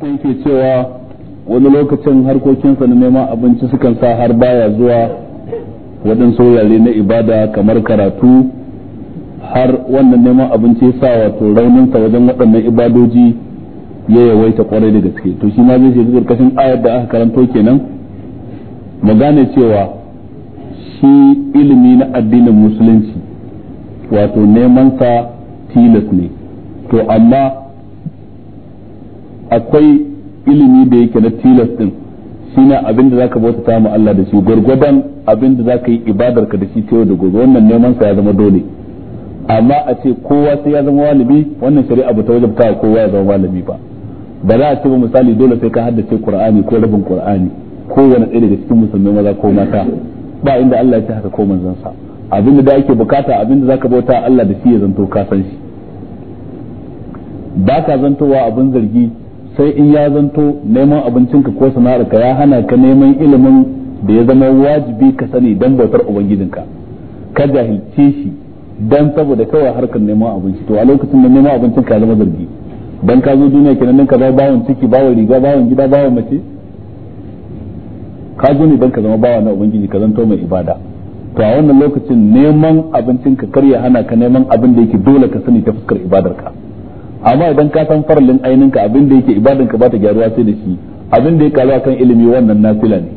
sai ke cewa wani lokacin harkokinsa na neman abinci sukan sa har baya zuwa waɗansu wurare na ibada kamar karatu har wannan neman abinci sa wato rauninsa wajen waɗannan ibadoji ya yawaita kwarai da gaske to shi ma zai shiga karkashin ayar da aka karanto kenan mu gane cewa shi ilimi na addinin musulunci wato neman sa tilas ne to amma akwai ilimi da yake na tilas din shine abin da zaka bauta ta Allah da shi gurgurdan abin da zaka yi ibadar ka da shi ta da gobe wannan neman sa ya zama dole amma a ce kowa sai ya zama walibi wannan shari'a ba ta wajabta kowa ya zama walibi ba ba za a ce ba misali dole sai ka haddace Qur'ani ko rabin Qur'ani kowane ɗaya daga cikin musulmai maza ko mata ba inda Allah ya ce haka ko manzon sa abin da ake bukata abin da zaka bauta Allah da shi ya zanto ka san shi ba ka zantowa abin zargi sai in ya zanto neman abincinka ko sana'arka ya hana ka neman ilimin da ya zama wajibi ka sani dan bautar ubangijinka ka jahilce shi dan saboda kawai harkar neman abinci to a lokacin da neman abincin ka zama zargi dan ka zo duniya kenan ka zama bawon ciki bawon riga bawon gida bawon mace ka zo ne dan ka zama bawa na ubangiji ka zanto mai ibada to a wannan lokacin neman abincin ka ya hana ka neman abin da yake dole ka sani ta fuskar ibadarka ka amma idan ka san farallin ainin ka abin da yake ibadan ka ba ta gyaruwa sai da shi abin da ya karu kan ilimi wannan nafila ne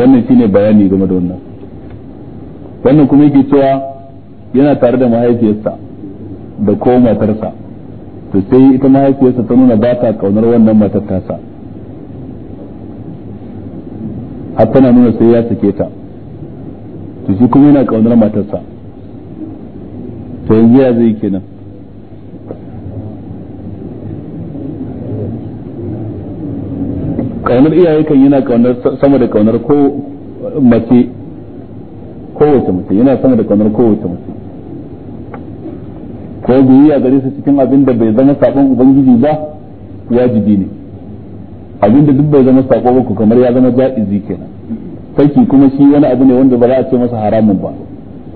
wannan shine bayani game da wannan wannan kuma yake cewa yana tare da mahaifiyarsa da ko matarsa to sai ita mahaifiyarsa ta nuna ba ta kaunar wannan matar tasa har tana nuna sai ya sake ta to shi kuma yana kaunar matarsa to yanzu ya zai kenan kaunar iyaye kan yana kaunar sama da kaunar ko mace kowace mace yana sama da kaunar kowace mace ko biyayya gare su cikin abin da bai zama sabon ubangiji ba wajibi ne abin da duk bai zama sako ba ku kamar ya zama ja'izi kenan saki kuma shi wani abu ne wanda ba za a ce masa haramun ba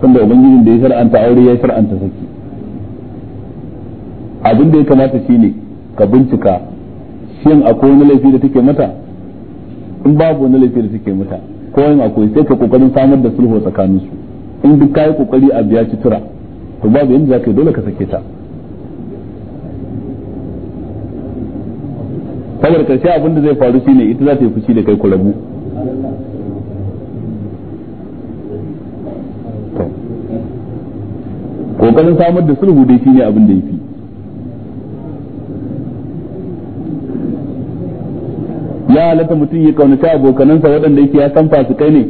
tunda ubangijin da ya shar'anta aure ya shar'anta saki abin da ya kamata shine ka bincika shin akwai wani laifi da take mata in babu wani laifi da suke mata ko yin akwai sai ka kokarin samar da sulhu tsakanin su in duk kai kokari a biya tura to babu yanda zaka yi dole ka sake ta saboda karshe abin da zai faru shine ita za ta yi fushi da kai ku rabu kokarin samar da sulhu dai shine abin da yafi ya halatta mutum ya kaunaci abokanansa waɗanda yake ya san fasikai ne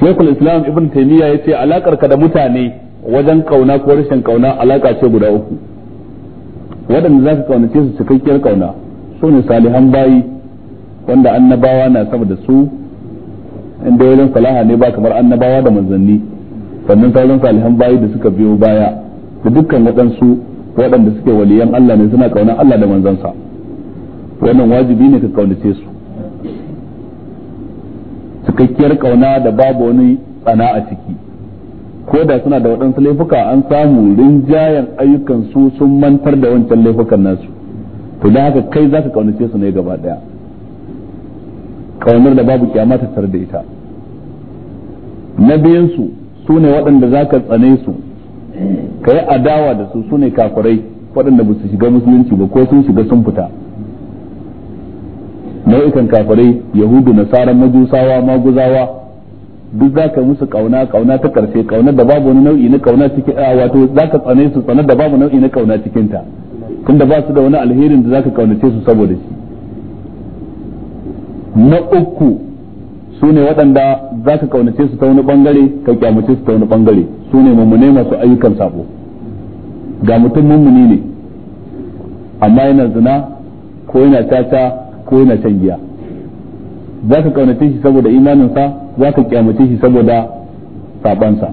shekul islam ibn taimiyya ya ce alakar ka da mutane wajen kauna ko rashin kauna alaƙa ce guda uku waɗanda za ka kaunace su cikakkiyar kauna su ne salihan bayi wanda annabawa na sama da su inda wajen salaha ne ba kamar annabawa da manzanni sannan sauran salihan bayi da suka biyo baya da dukkan waɗansu waɗanda suke waliyan Allah ne suna kauna Allah da manzansa wannan wajibi ne ka kaunace su cikakkiyar kauna da babu wani tsana a ciki ko da suna da waɗansu laifuka an samu rinjayen ayyukan su sun mantar da wancan laifukan nasu to da haka kai za ka kaunace su ne gaba ɗaya kaunar da babu kyama ta da ita na biyansu su ne waɗanda za ka tsane su ka yi adawa da su su ne waɗanda ba su shiga musulunci ba ko sun shiga sun fita nau'ikan kafirai yahudu nasaran majusawa maguzawa duk za ka musu kauna kauna ta karshe kauna da babu wani nau'i na kauna cikin wato za ka tsane su tsane da babu nau'i na kauna cikin ta tunda ba su da wani alherin da za ka kaunace su saboda shi na uku su ne waɗanda za ka kaunace su ta wani bangare ka kyamace su ta wani bangare su ne mummune masu ayyukan sabo ga mutum mummuni ne amma yana zina ko yana caca. ko yana shan giya za ka kaunace shi saboda imaninsa za ka kyamace shi saboda sabansa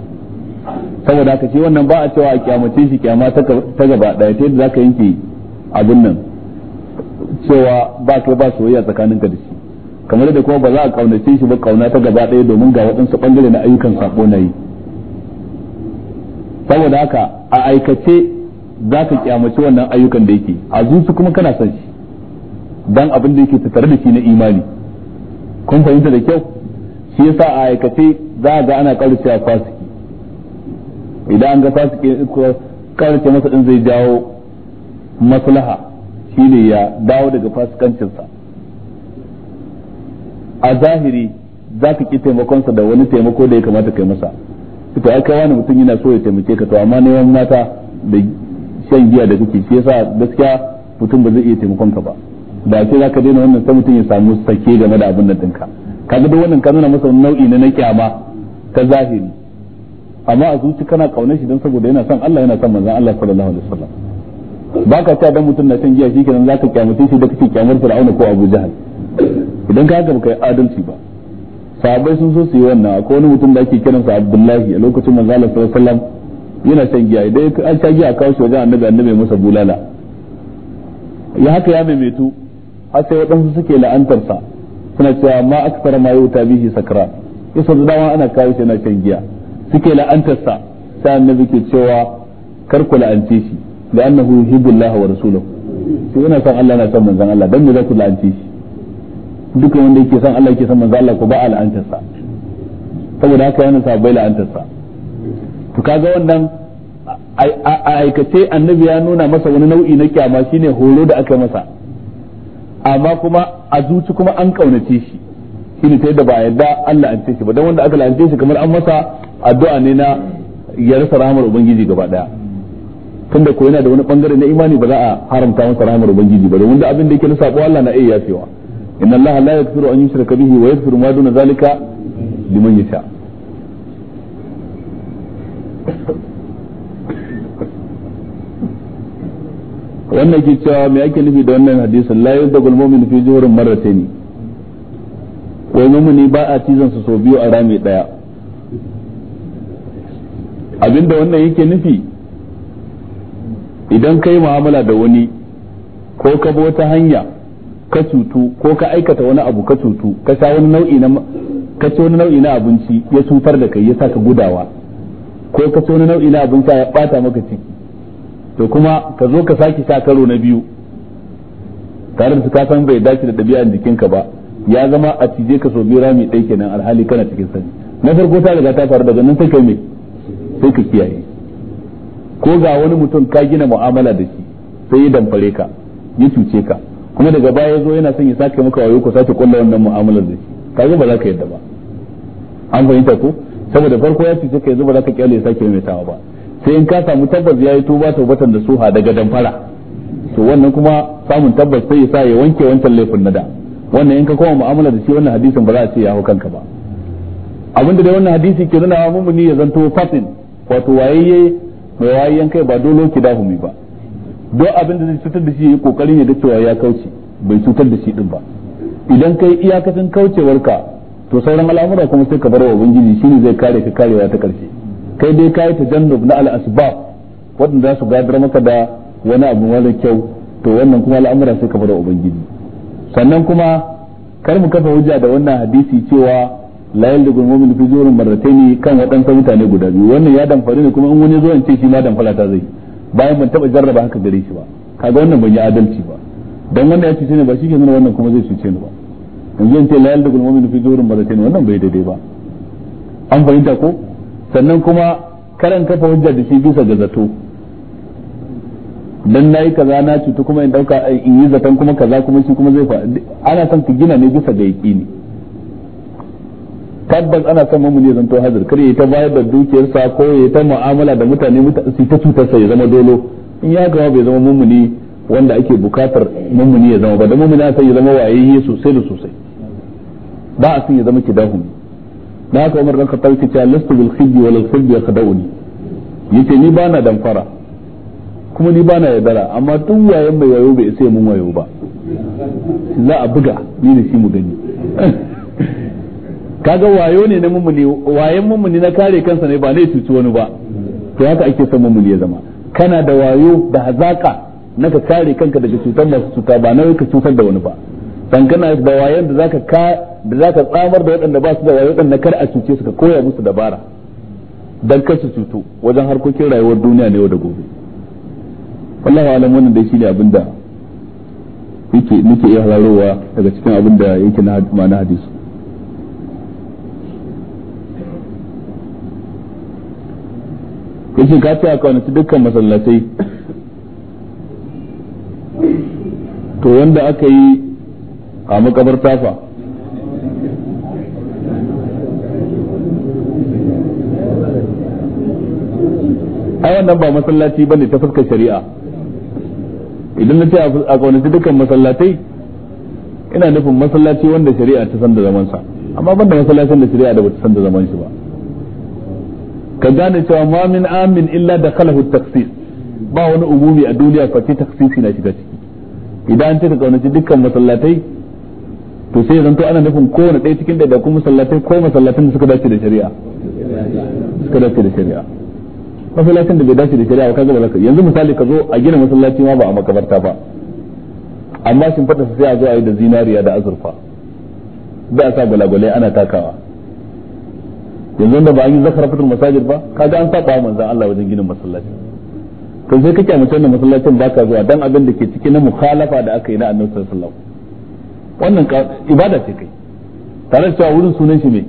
saboda haka ce wannan ba a cewa a kyamace shi kyama ta gaba daya ta yadda za ka yanke abin nan cewa ba kai ba soyayya ka da shi kamar da kuma ba za a kaunace shi ba kauna ta gaba daya domin ga waɗansu ɓangare na ayyukan sako na yi saboda haka a aikace za ka kyamace wannan ayyukan da yake a zuci kuma kana son shi dan abin da yake tattare da shi na imani kun fahimta da kyau shi yasa a aikace za ga ana kaurace a fasiki idan an ga fasiki kaurace masa din zai jawo maslaha shine ya dawo daga fasikancinsa a zahiri za ka ki taimakonsa da wani taimako da ya kamata kai masa ita ai kai wani mutum yana so ya taimake ka to amma neman mata da shan giya da kake shi yasa gaskiya mutum ba zai iya taimakon ba ake za ka daina wannan sai mutum ya samu sake game da abin da dinka kaga duk wannan ka nuna masa nau'i na na kyama ta zahiri amma a zuci kana kaunar shi don saboda yana son Allah yana son manzon Allah sallallahu alaihi wasallam ka ta dan mutum na shan giya za zaka kyamace shi da kake kyamar Fir'auna ko Abu Jahal idan ka haka yi adalci ba sahabbai sun so su yi wannan akwai wani mutum da ake sa Abdullahi a lokacin manzon Allah sallallahu alaihi wasallam yana shan giya idan an sha giya kawo shi wajen annabi annabi masa bulala ya haka ya maimaitu har sai waɗansu suke la'antarsa suna cewa ma aksara ma yau ta bihi sakara isa da dama ana kawo shi na shan giya suke la'antarsa sai annabi ke cewa kar ku la'ance shi wa yana Allah manzon Allah dan me za ku la'ance shi wanda yake Allah yake manzon Allah ko ba a la'antarsa saboda haka yana la'antarsa to kaga wannan a aikace annabi ya nuna masa wani nau'i na kyama shine horo da aka masa amma kuma a zuci kuma an kaunace shi shine ta yadda ba yadda Allah an ce shi ba dan wanda aka lance shi kamar an masa addu'a ne na ya rasa rahmar ubangiji gaba daya tunda ko yana da wani bangare na imani ba za a haramta masa rahmar ubangiji ba domin da abin da yake na sabo Allah na iya yafewa inna Allah la yaghfiru an yushraka bihi wa yaghfiru ma duna zalika liman yasha' wannan ke cewa me ake nufi da wannan hadisin la yuzdagul gulmomin fi juhurin ne wai mumuni ba a cizon su sau biyu a rami daya abinda wannan yake nufi idan kai mu'amala da wani ko ka bi wata hanya ka cutu ko ka aikata wani abu ka cutu ka sha wani nau'i na ka ci wani nau'i na abinci ya cutar da kai ya sa ka gudawa ko ka ci wani nau'i na abinci ya bata maka ciki to kuma ka zo ka sake sa karo na biyu tare da ka san bai dace da ɗabi'an jikinka ba ya zama a cije ka so biyu mai ɗai kenan alhali kana cikin sani na farko ta riga ta faru daga nan sai kai me sai ka kiyaye ko ga wani mutum ka gina mu'amala da shi sai ya damfare ka ya cuce ka kuma daga baya zo yana son ya sake maka wayo ko sake kulla wannan mu'amalar da shi kaga ba za ka yadda ba an fahimta ko saboda farko ya cuce ka yanzu ba za ka kyale ya sake maimaitawa ba sai in ka samu tabbas ya yi tuba ta batan da suha daga damfara to wannan kuma samun tabbas sai ya sa ya wanke wancan laifin na da wannan in ka koma mu'amala da shi wannan hadisin ba za a ce ya hau kanka ba abin da dai wannan hadisi ke nuna mumuni ya zanto fatin wato wayayye mai wayayyen kai ba dole ki dahumi ba duk abin da zai cutar da shi yayi kokarin ya ga cewa ya kauce bai cutar da shi din ba idan kai iyakacin kaucewarka to sauran al'amura kuma sai ka bar wa ubangiji shine zai kare ka karewa ta karshe kai dai kai tajannub na al-asbab wanda za su gadar maka da wani abu mara kyau to wannan kuma al'amura sai ka fara ubangiji sannan kuma kar mu kafa hujja da wannan hadisi cewa la yaldu mu'minu fi zurin marratayn kan waɗansa mutane guda biyu wannan ya damfare ne kuma in wani zo an ce shi ma damfara ta zai bayan ban taba jarraba haka gare shi ba kaga wannan ban yi adalci ba dan wannan ya cuce ne ba shi ke nuna wannan kuma zai cuce ni ba yanzu in ce la yaldu mu'minu fi zurin marratayn wannan bai daidai ba an fahimta ko sannan kuma karan kafa hujjar da shi bisa ga zato dan nayi kaza na cutu kuma in dauka in yi zaton kuma kaza kuma shi kuma zai fa ana son ka gina ne bisa ga yaqini tabbas ana son mamu ne zanto hazir kar ya ta bayar da dukiyarsa ko ya ta mu'amala da mutane su ta cutar sa ya zama dolo in ya gama bai zama ne wanda ake bukatar ne ya zama ba da ne sai ya zama wayayye sosai da sosai ba a son ya zama kidahumi na haka Umar dan Khattab yake cewa lastu bil khizyi wal khizyi yakhda'uni yace ni bana damfara kuma ni bana yadara amma duk wayan mai wayo bai sai mun wayo ba za a buga ni da shi mu gani kaga wayo ne na mummuni wayan mummuni na kare kansa ne ba ne cuci wani ba to haka ake son mummuni ya zama kana da wayo da hazaka na ka kare kanka daga cutar masu cuta ba na ka cutar da wani ba dangana da wayan da zaka ka da zaka tsamar da waɗanda ba su da wayan na kar a cuce su ka koya musu dabara dan kar su wajen harkokin rayuwar duniya ne yau da gobe wallahi alam wannan dai shine abinda yake muke iya hararowa daga cikin abin da yake na ma'ana hadisi yake ka ce a kwanaci dukkan masallatai to wanda aka yi kamu kabar tafa ai wannan ba masallaci bane ta fuskar shari'a idan na ce a kaunaci dukkan masallatai ina nufin masallaci wanda shari'a ta san da zamansa amma banda masallacin da shari'a da bata san da zaman shi ba ka gane cewa ma min amin illa da khalahu taksis ba wani umumi a duniya face taksisi na shiga ciki idan an ce ka kaunaci dukkan masallatai to sai zanto ana nufin kowane ɗaya cikin da kuma masallatai ko masallatan da suka dace da shari'a suka dace da shari'a masallacin da bai dace da shari'a ka ga da yanzu misali ka zo a gina masallaci ma ba a makabarta ba amma shin fata sai a zo a yi da zinariya da azurfa da a sa gwalagwalai ana takawa yanzu da ba an yi zakar fitar masajid ba ga an saba manzan Allah wajen ginin masallaci to sai kake mutum da masallacin ka zuwa dan abin da ke ciki na mukhalafa da aka yi na annabi sallallahu alaihi wasallam wannan ibada ce kai tare da cewa wurin sunan shi mai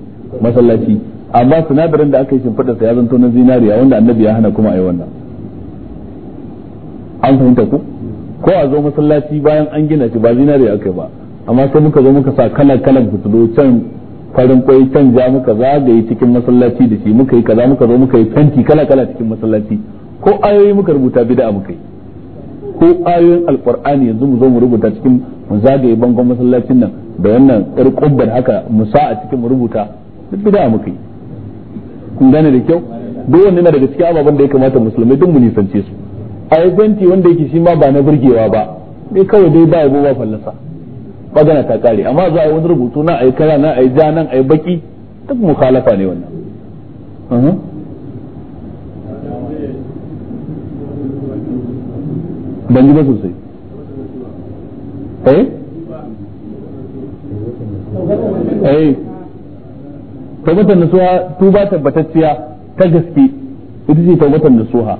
masallaci amma sinadarin da aka yi shimfiɗa sa ya zanto na zinariya wanda annabi ya hana kuma a yi wannan an fahimta ku ko a zo masallaci bayan an gina shi ba zinariya aka yi ba amma sai muka zo muka sa kalan kalan fitilu can farin kwai can ja muka zagaye cikin masallaci da shi muka yi kaza muka zo muka yi fenti kala kala cikin masallaci ko ayoyi muka rubuta bid'a muka yi ko ayoyin alƙur'ani yanzu mu zo mu rubuta cikin zagaye bangon masallacin nan da wannan ƙarƙubbar haka musa a cikin rubuta duk bid'a muka yi kun gane da kyau duk yana daga cikin ababen da ya kamata musulmai duk mu nisance su a yanzu wanda yake shi ma ba na burgewa ba ne kawai dai ba yabo ba fallasa magana ta kare amma za a yi wani rubutu na a yi kara na a yi ja nan a yi baki duk mukhalafa ne wannan ban ji ba sosai eh eh nasuha tuba tabbatacciya ta gaske ita ce da nasuha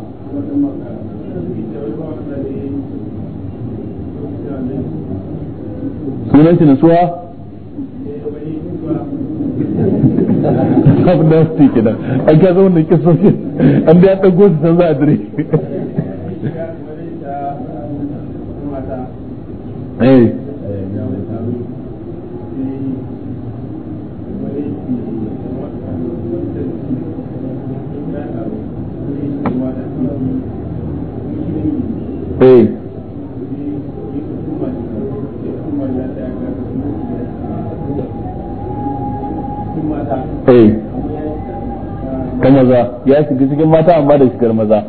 sunan shi nasuha abin da su ke nan an kasa wannan kisoshi an da ya ɗago san za a dire eh ta eh. eh. maza ya shiga cikin mata amma da shigar maza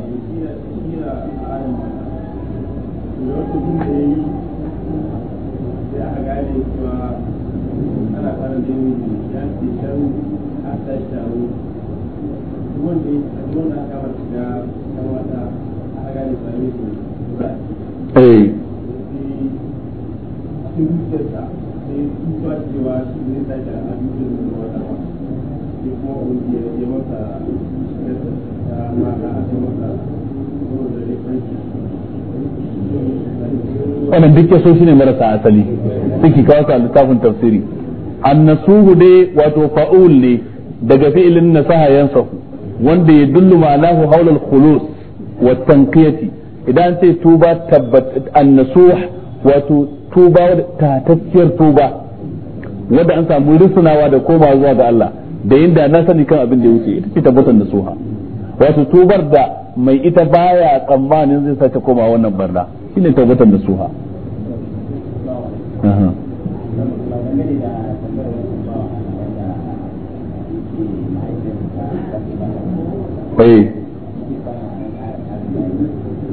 Eh. wannan duk yaso shine marasa asali suke kawo ka littafin tafsiri annasuhu dai wato fa'ul ne daga fi'ilin nasaha yansahu wanda ya dullu ma'anahu haula al-khulus wa tanqiyati idan sai tuba tabbat annasuh wato tuba ta tatacciyar tuba wanda an samu rusunawa da koma zuwa ga Allah da yin na sani kan abin da ya wuce ita ce tabbatar suha, wato tubar da mai ita baya tsammanin zai sake koma wannan barna shine tabbatar suha eh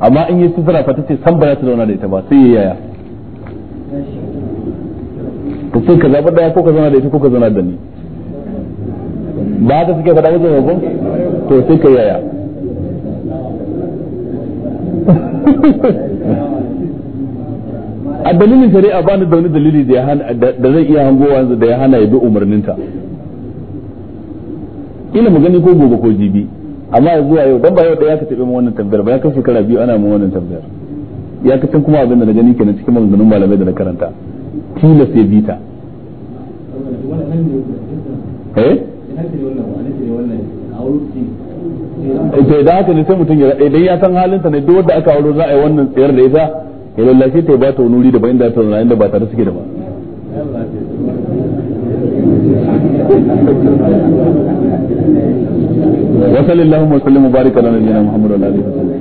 amma in yi sutura fa tace san ba za ta zauna da ita ba sai yaya ka ce ka zaɓi ɗaya ko ka zauna da ita ko ka zauna da ni ba haka suke faɗa wajen yagon to sai ka yaya a dalilin shari'a ba ni da wani dalili da zai iya hangowa da ya hana ya bi umarninta ina mu ko gobe ko jibi amma ya zuwa yau dan ba yau da ya ka tabe mu wannan tambayar ba ya kai shekara biyu ana mu wannan tambayar ya kacin kuma abin da na gani kenan cikin maganganun malamai da na karanta tilas ya bita eh? eh to da haka ne sai mutum ya idan ya san halinta ne duk wanda aka auro za a yi wannan tsayar da ita ya lallace ta ba ta wani da daban inda ta zauna inda ba tare suke da ba وصل اللهم وسلم وبارك على نبينا محمد وعلى اله وصحبه